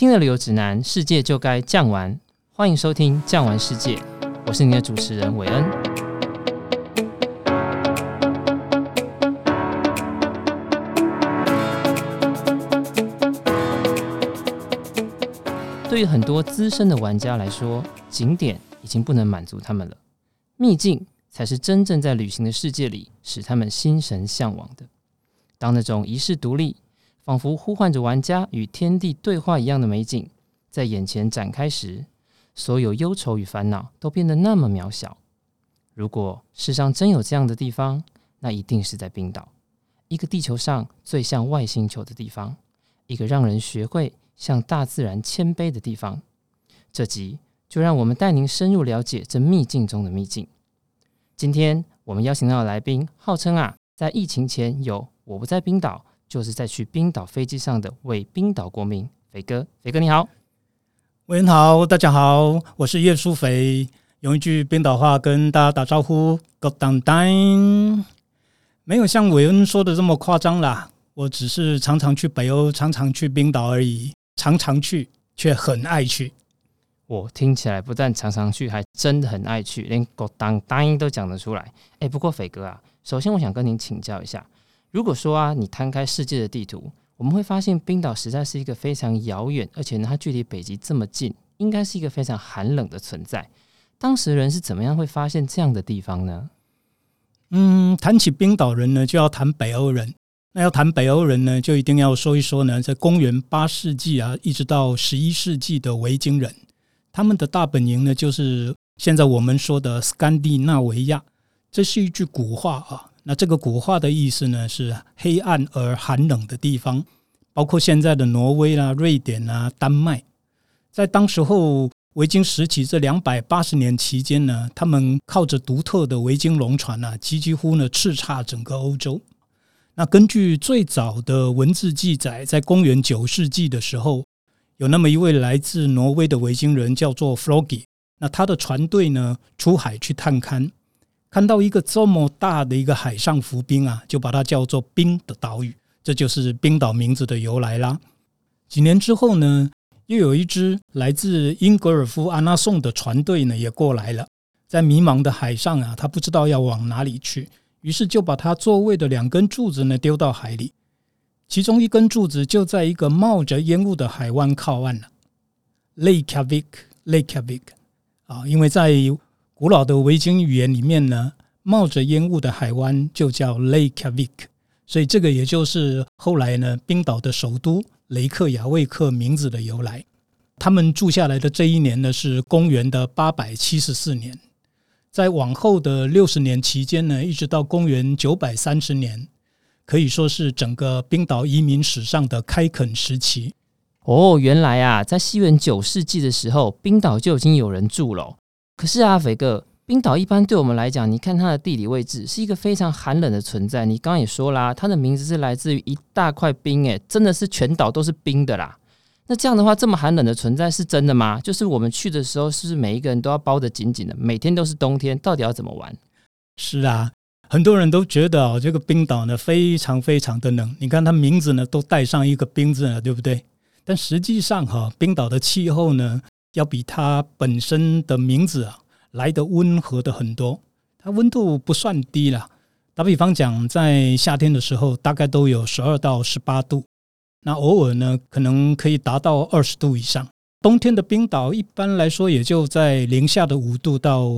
新的旅遊指南，世界就該匠玩。歡迎收聽《匠玩世界》，我是你的主持人韋恩。對於很多資深的玩家來說，景點已經不能滿足他們了，秘境才是真正在旅行的世界裡使他們心神向往的。當那種遺世獨立。仿佛呼喚着玩家與天地對話一樣的美景，在眼前展開時，所有憂愁與煩惱都變得那麼渺小。如果世上真有這樣的地方，那一定是在冰島，一個地球上最像外星球的地方，一個讓人學會向大自然謙卑的地方。這集就讓我們帶您深入了解這秘境中的秘境。今天我們邀請到的來賓，號稱啊，在疫情前有我不在冰島就是在去冰島飛機上的，偽冰島國民，飛哥，飛哥你好。喂，你好，大家好，我是葉舒飛，用一句冰島話跟大家打招呼，god dang dang，沒有像韋恩說的這麼誇張啦，我只是常常去北歐，常常去冰島而已，常常去卻很愛去，我聽起來不但常常去，還真的很愛去，連 god dang dang 都講得出來，哎，不過飛哥啊，首先我想跟您請教一下。如果說啊，你攤開世界的地圖，我們會發現冰島實在是一個非常遙遠，而且呢，它距離北極這麼近，應該是一個非常寒冷的存在。當時人是怎麼樣會發現這樣的地方呢？嗯，談起冰島人呢，就要談北歐人。那要談北歐人呢，就一定要說一說呢，在公元八世紀啊，一直到十一世紀的維京人，他們的大本營呢，就是現在我們說的斯堪的納維亞。這是一句古話啊。那這個古話的意思呢，是黑暗而寒冷的地方，包括現在的挪威啦、啊、瑞典啦、啊、丹麥。在當時候維京時期這兩百八十年期間呢，他們靠着獨特的維京龍船呢、啊，幾，幾乎呢叱咤整個歐洲。那根據最早的文字記載，在公元九世紀的時候，有那麼一位來自挪威的維京人叫做 Flogi，那他的船隊呢出海去探勘。看到一個這麼大的一個海上浮冰啊，就把它叫做冰的島嶼，這就是冰島名字的由來啦。幾年之後呢，又有一支來自英格爾夫·阿納松的船隊呢，也過來了。在迷茫的海上啊，他不知道要往哪裡去，於是就把他座位的兩根柱子呢丟到海裡，其中一根柱子就在一個冒着煙霧的海灣靠岸了。雷克雅未克，雷克雅未克。啊，因為在。古老的維京語言裡面呢，冒着煙霧的海灣就叫 Reykjavik，所以這個也就是後來呢，冰島的首都雷克雅未克名字的由來。他們住下來的這一年呢，是公元的八百七十四年。在往後的六十年期間呢，一直到公元九百三十年，可以說是整個冰島移民史上的開墾時期。哦，原來啊，在西元九世紀的時候，冰島就已經有人住了。可是啊，飛哥，冰島一般對我們來講，你看它的地理位置是一個非常寒冷的存在。你剛剛也說了，它的名字是來自於一大塊冰，欸，誒，真的是全島都是冰的啦。那這樣的話，這麼寒冷的存在是真的嗎？就是我們去的時候，是不是每一個人都要包得緊緊的？每天都是冬天，到底要怎麼玩？是啊，很多人都覺得哦，這個冰島呢非常非常的冷。你看它名字呢都帶上一個冰字了，對不對？但實際上哈，哦，冰島的氣候呢？要比它本身的名字啊，來得溫和的很多，它溫度不算低了。打比方講，在夏天的時候，大概都有十二到十八度，那偶爾呢，可能可以達到二十度以上。冬天的冰島一般來說也就在零下的五度到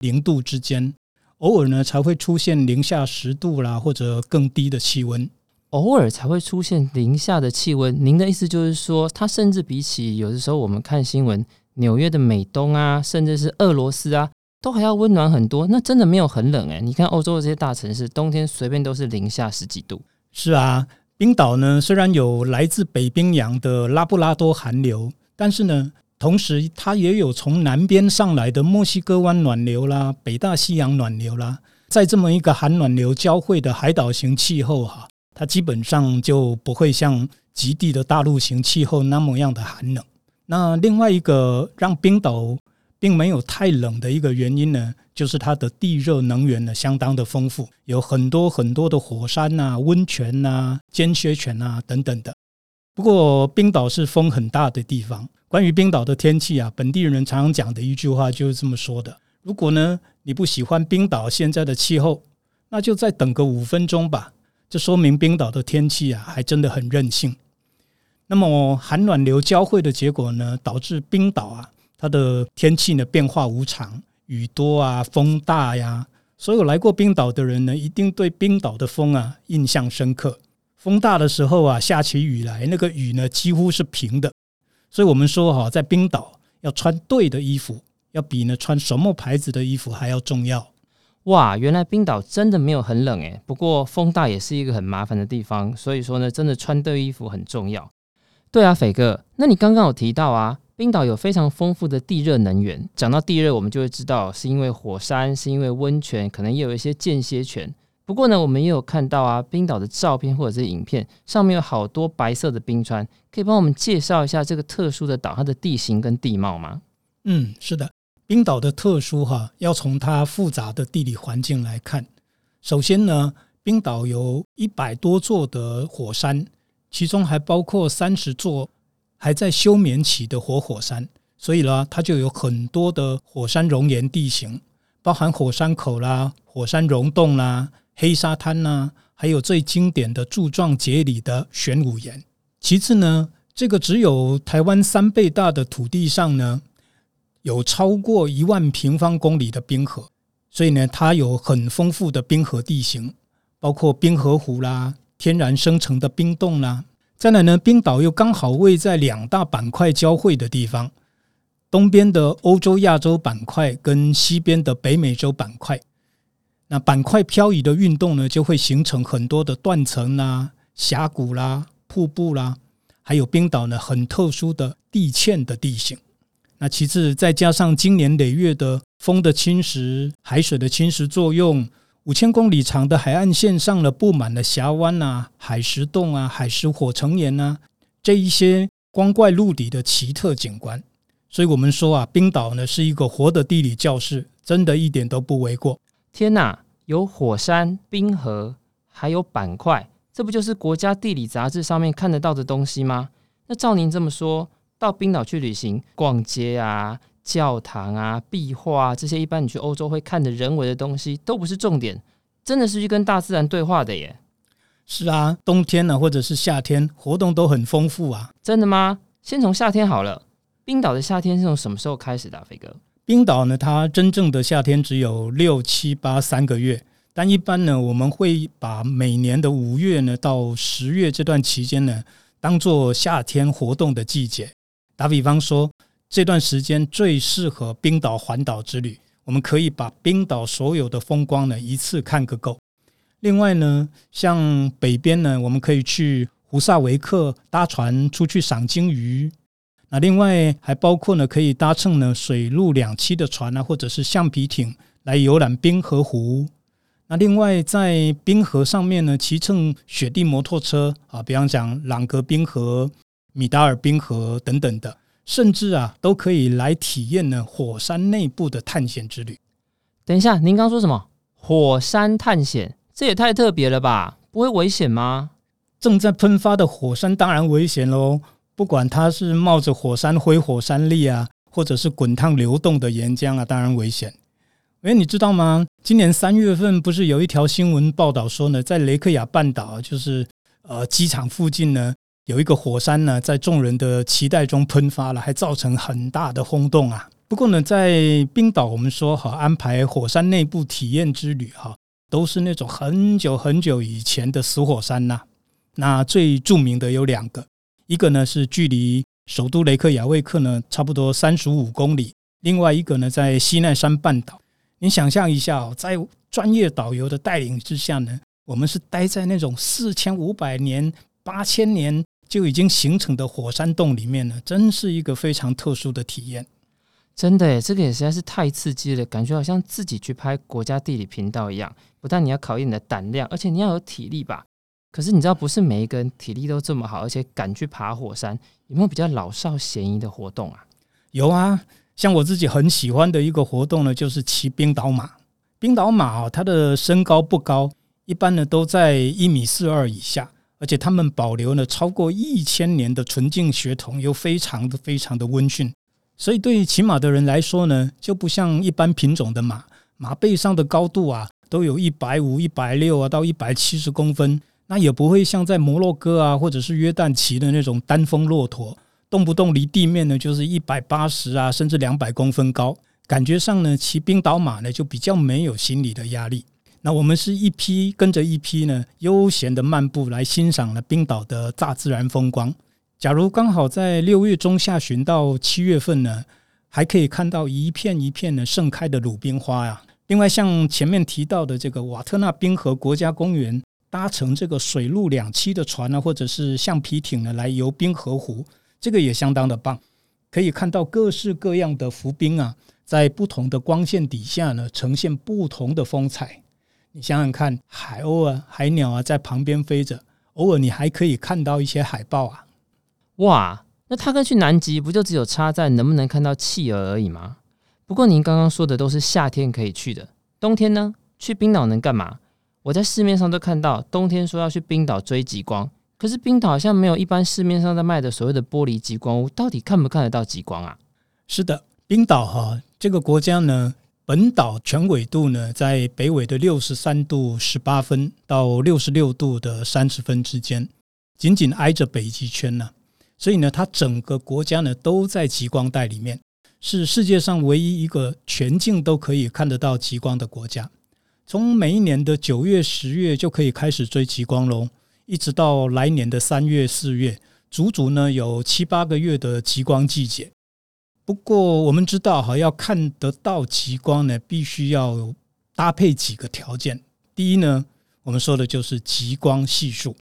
零度之間，偶爾呢才會出現零下十度啦，或者更低的氣溫，偶爾才會出現零下的氣溫。您的意思就是說，它甚至比起有的時候我們看新聞。紐約的美東啊，甚至是俄羅斯啊，都還要溫暖很多。那真的沒有很冷哎、欸！你看歐洲這些大城市，冬天隨便都是零下十幾度。是啊，冰島呢，雖然有來自北冰洋的拉布拉多寒流，但是呢，同時它也有從南邊上來的墨西哥灣暖流啦、北大西洋暖流啦，在這麼一個寒暖流交匯的海島型氣候哈、啊，它基本上就不會像極地的大陸型氣候那麼樣的寒冷。那另外一個讓冰島並沒有太冷的一個原因呢，就是它的地熱能源呢相當的豐富，有很多很多的火山啊、溫泉啊、間歇泉啊等等的。不過冰島是風很大的地方。關於冰島的天氣啊，本地人常常講的一句話就是這麼說的：如果呢你不喜歡冰島現在的氣候，那就再等個五分鐘吧。這說明冰島的天氣啊，還真的很任性。那麼寒暖流交匯的結果呢，導致冰島啊，它的天氣呢變化無常，雨多啊，風大呀。所有來過冰島的人呢，一定對冰島的風啊印象深刻。風大的時候啊，下起雨來，那個雨呢幾乎是平的。所以我們說哈啊，在冰島要穿對的衣服，要比呢穿什麼牌子的衣服還要重要。哇，原來冰島真的沒有很冷哎，不過，風大也是一個很麻煩的地方。所以說呢，真的穿對衣服很重要。對啊，斐哥，那你剛剛有提到啊，冰島有非常豐富的地熱能源。講到地熱，我們就會知道是因為火山，是因為溫泉，可能也有一些間歇泉。不過呢，我們也有看到啊，冰島的照片或者是影片上面有好多白色的冰川，可以幫我們介紹一下這個特殊的島，它的地形跟地貌嗎？嗯，是的，冰島的特殊哈、啊，要從它複雜的地理環境來看。首先呢，冰島有一百多座的火山。其中還包括三十座還在休眠期的活火，火山，所以它就有很多的火山熔岩地形，包含火山口啦、火山溶洞啦、黑沙灘啦，還有最經典的柱狀節理的玄武岩。其次呢，這個只有台灣三倍大的土地上呢，有超過一萬平方公里的冰河，所以呢，它有很豐富的冰河地形，包括冰河湖啦。天然生成的冰洞啦，再來呢，冰島又剛好位在兩大板塊交匯的地方，東邊的歐洲亞洲板塊跟西邊的北美洲板塊，那板塊漂移的運動呢，就會形成很多的斷層啦、啊、峽谷啦、啊、瀑布啦、啊，還有冰島呢很特殊的地塹的地形。那其次再加上經年累月的風的侵蝕、海水的侵蝕作用。五千公里長的海岸線上呢，布滿了峽灣啊、海蝕洞啊、海蝕火成岩啊，這一些光怪陸離的奇特景觀。所以，我們說啊，冰島呢是一個活的地理教室，真的一點都不為過。天哪，有火山、冰河，還有板塊，這不就是國家地理雜誌上面看得到的東西嗎？那照您這麼說，到冰島去旅行、逛街啊？教堂啊、壁畫啊，這些一般你去歐洲會看的人為的東西都不是重點，真的是去跟大自然對話的耶。是啊，冬天呢，或者是夏天，活動都很豐富啊。真的嗎？先從夏天好了。冰島的夏天是從什麼時候開始的啊，飛哥？冰島呢，它真正的夏天只有六七八三個月，但一般呢，我們會把每年的五月呢到十月這段期間呢，當做夏天活動的季節。打比方說。這段時間最適合冰島環島之旅，我們可以把冰島所有的風光呢一次看個夠。另外呢，像北邊呢，我們可以去胡薩維克搭船出去賞鯨魚。那另外還包括呢，可以搭乘呢水陸兩棲的船啊，或者是橡皮艇來遊覽冰河湖。那另外在冰河上面呢，騎乘雪地摩托車啊，比方講朗格冰河、米達爾冰河等等的。甚至啊，都可以來體驗呢火山內部的探險之旅。等一下，您剛說什麼？火山探險，這也太特別了吧？不會危險嗎？正在噴發的火山當然危險嘍！不管它是冒着火山灰、火山粒啊，或者是滾燙流動的岩漿啊，當然危險。哎，你知道嗎？今年三月份不是有一條新聞報道說呢，在雷克雅半島，就是呃機場附近呢。有一個火山呢，在眾人的期待中噴發了，還造成很大的轟動啊。不過呢，在冰島，我們說好、啊、安排火山內部體驗之旅哈、啊，都是那種很久很久以前的死火山吶、啊。那最著名的有兩個，一個呢是距離首都雷克雅未克呢差不多三十五公里，另外一個呢在西奈山半島。你想象一下，在專業導遊的帶領之下呢，我們是待在那種四千五百年、八千年。就已經形成的火山洞裡面呢，真是一個非常特殊的體驗。真的，這個也實在是太刺激了，感覺好像自己去拍國家地理頻道一樣。不但你要考驗你的膽量，而且你要有體力吧？可是你知道，不是每一個人體力都這麼好，而且敢去爬火山。有沒有比較老少咸宜的活動啊？有啊，像我自己很喜歡的一個活動呢，就是騎冰島馬。冰島馬哦，它的身高不高，一般呢都在一米四二以下。而且他們保留了超過一千年的純淨血統，又非常的非常的溫馴，所以對於騎馬的人來說呢，就不像一般品種的馬，馬背上的高度啊，都有一百五、一百六啊，到一百七十公分，那也不會像在摩洛哥啊或者是約旦騎的那種單峰駱駝，動不動離地面呢就是一百八十啊，甚至兩百公分高，感覺上呢，騎冰島馬呢就比較沒有心理的壓力。那我們是一批跟着一批呢，悠閒的漫步來欣賞了冰島的大自然風光。假如剛好在六月中下旬到七月份呢，還可以看到一片一片的盛開的魯冰花呀、啊。另外，像前面提到的這個瓦特納冰河國家公園，搭乘這個水陸兩棲的船呢，或者是橡皮艇呢，來遊冰河湖，這個也相當的棒，可以看到各式各樣的浮冰啊，在不同的光線底下呢，呈現不同的風采。你想想看，海鷗啊、海鳥啊在旁邊飛着，偶爾你還可以看到一些海豹啊。哇，那它跟去南極不就只有差在能不能看到企鵝而已嗎？不過您剛剛說的都是夏天可以去的，冬天呢？去冰島能幹嘛？我在市面上都看到冬天說要去冰島追極光，可是冰島好像沒有一般市面上在賣的所謂的玻璃極光屋，到底看不看得到極光啊？是的，冰島哈這個國家呢，本島全緯度呢，在北緯的六十三度十八分到六十六度的三十分之間，緊緊挨着北極圈呢，啊，所以呢，它整個國家呢都在極光帶裡面，是世界上唯一一個全境都可以看得到極光的國家。從每一年的九月、十月就可以開始追極光嘍，一直到來年的三月、四月，足足呢有七八個月的極光季節。不過我們知道哈，要看得到極光呢，必須要搭配幾個條件。第一呢，我們說的就是極光係數，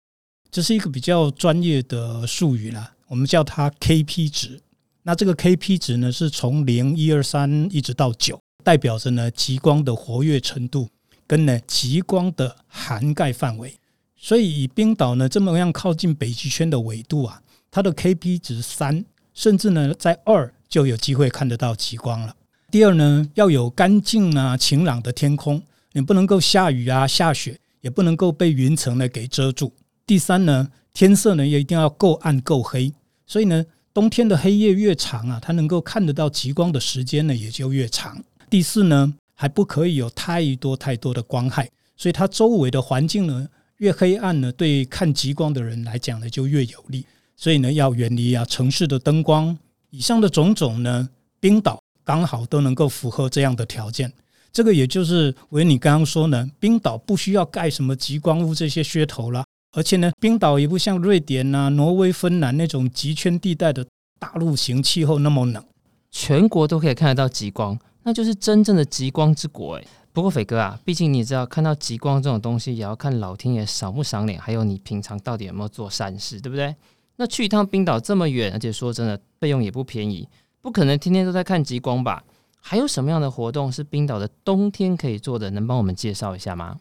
這是一個比較專業的術語啦，我們叫它 KP 值。那這個 KP 值呢，是從零一二三一直到九，代表着呢極光的活躍程度跟呢極光的涵蓋範圍。所以以冰島呢這麼樣靠近北極圈的緯度啊，它的 KP 值三，甚至呢在二。就有機會看得到極光了。第二呢，要有乾淨啊晴朗的天空，你不能夠下雨啊下雪，也不能夠被雲層呢給遮住。第三呢，天色呢也一定要夠暗夠黑。所以呢，冬天的黑夜越長啊，它能夠看得到極光的時間呢也就越長。第四呢，還不可以有太多太多的光害，所以它周圍的環境呢越黑暗呢，對看極光的人來講呢就越有利。所以呢，要遠離啊城市的燈光。以上的種種呢，冰島剛好都能夠符合這樣的條件。這個也就是為你剛剛說呢，冰島不需要蓋什麼極光屋這些噱頭啦。而且呢，冰島也不像瑞典啊、挪威、芬蘭那種極圈地帶的大陸型氣候那麼冷，全國都可以看得到極光，那就是真正的極光之國欸。不過斐哥啊，畢竟你知道，看到極光這種東西也要看老天爺賞不賞臉，還有你平常到底有沒有做善事，對不對？那去一趟冰島這麼遠，而且說真的，費用也不便宜，不可能天天都在看極光吧？還有什麼樣的活動是冰島的冬天可以做的？能幫我們介紹一下嗎？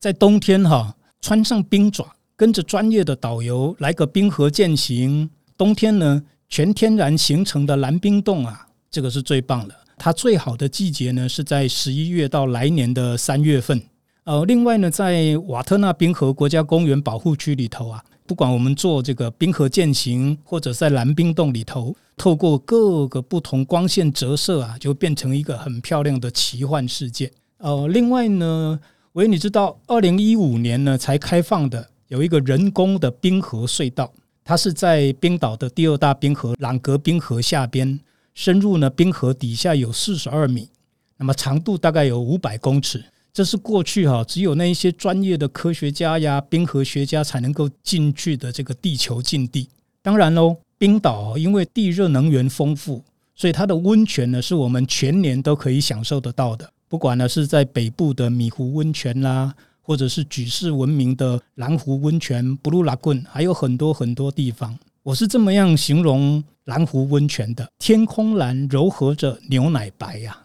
在冬天哈，穿上冰爪，跟着專業的導遊來個冰河健行。冬天呢，全天然形成的藍冰洞啊，這個是最棒的。它最好的季節呢是在十一月到來年的三月份。呃，另外呢，在瓦特納冰河國家公園保護區裡頭啊。不管我們做這個冰河健行，或者在藍冰洞裡頭，透過各個不同光線折射啊，就變成一個很漂亮的奇幻世界。呃，另外呢，喂，你知道，二零一五年呢才開放的，有一個人工的冰河隧道，它是在冰島的第二大冰河朗格冰河下邊，深入呢冰河底下有四十二米，那麼長度大概有五百公尺。這是過去只有那一些專業的科學家呀、冰河學家才能夠進去的這個地球禁地。當然、哦、冰島因為地熱能源豐富，所以它的溫泉呢，是我們全年都可以享受得到的。不管是在北部的米湖溫泉啦、啊，或者是舉世聞名的藍湖溫泉布魯拉棍，Blue Lagoon, 還有很多很多地方。我是這麼樣形容藍湖溫泉的：天空藍，柔和着牛奶白呀、啊。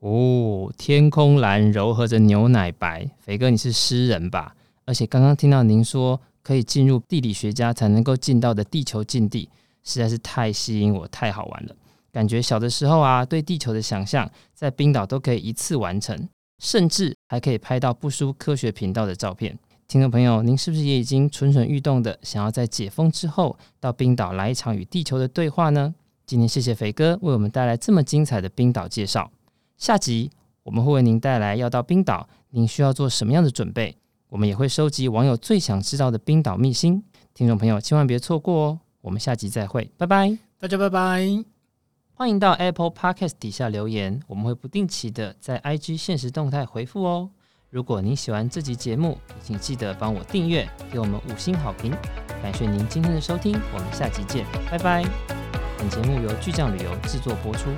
哦，天空藍柔和着牛奶白，肥哥你是詩人吧？而且剛剛聽到您說可以進入地理學家才能夠進到的地球禁地，實在是太吸引我，太好玩了！感覺小的時候啊，對地球的想象在冰島都可以一次完成，甚至還可以拍到不輸科學頻道的照片。聽眾朋友，您是不是也已經蠢蠢欲動的想要在解封之後到冰島來一場與地球的對話呢？今天謝謝肥哥為我們帶來這麼精彩的冰島介紹。下集我們會為您帶來要到冰島，您需要做什麼樣的準備？我們也會收集網友最想知道的冰島秘辛，聽眾朋友千萬別錯過哦！我們下集再會，拜拜！大家拜拜！歡迎到 Apple Podcast 底下留言，我們會不定期的在 IG 限時動態回復哦。如果您喜歡這集節目，請記得幫我訂閱，給我們五星好評，感謝您今天的收聽，我們下集見，拜拜！本節目由巨匠旅遊制作播出。